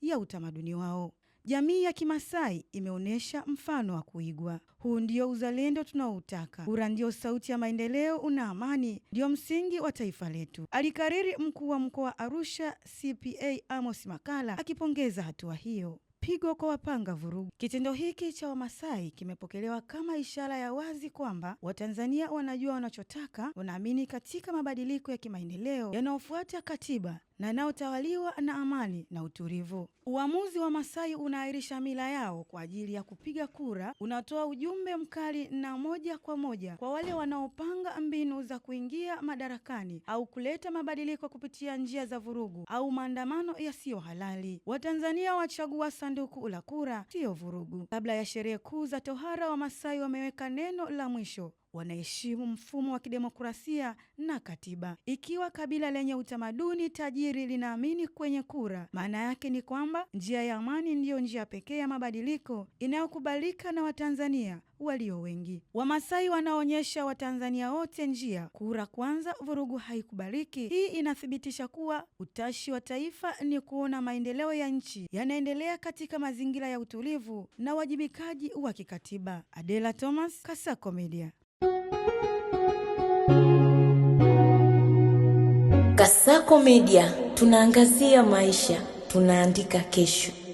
ya utamaduni wao. Jamii ya Kimasai imeonyesha mfano wa kuigwa. Huu ndio uzalendo tunaoutaka. Kura ndio sauti ya maendeleo, una amani ndio msingi wa taifa letu, alikariri mkuu wa mkoa wa Arusha CPA Amos Makala akipongeza hatua hiyo. Pigo kwa wapanga vurugu. Kitendo hiki cha Wamasai kimepokelewa kama ishara ya wazi kwamba Watanzania wanajua wanachotaka, wanaamini katika mabadiliko ya kimaendeleo yanayofuata katiba na inayotawaliwa na amani na utulivu. Uamuzi wa Masai unaahirisha mila yao kwa ajili ya kupiga kura unatoa ujumbe mkali na moja kwa moja kwa wale wanaopanga mbinu za kuingia madarakani au kuleta mabadiliko kupitia njia za vurugu au maandamano yasiyo halali. Watanzania wachagua sanduku la kura, siyo vurugu. Kabla ya sherehe kuu za tohara, Wamasai wameweka neno la mwisho wanaheshimu mfumo wa kidemokrasia na katiba. Ikiwa kabila lenye utamaduni tajiri linaamini kwenye kura, maana yake ni kwamba njia ya amani ndiyo njia pekee ya mabadiliko inayokubalika na Watanzania walio wengi. Wamasai wanaonyesha Watanzania wote njia. Kura kwanza, vurugu haikubaliki. Hii inathibitisha kuwa utashi wa taifa ni kuona maendeleo ya nchi yanaendelea katika mazingira ya utulivu na uwajibikaji wa kikatiba. Adela Thomas, Kasako Media. Kasako Media tunaangazia maisha, tunaandika kesho.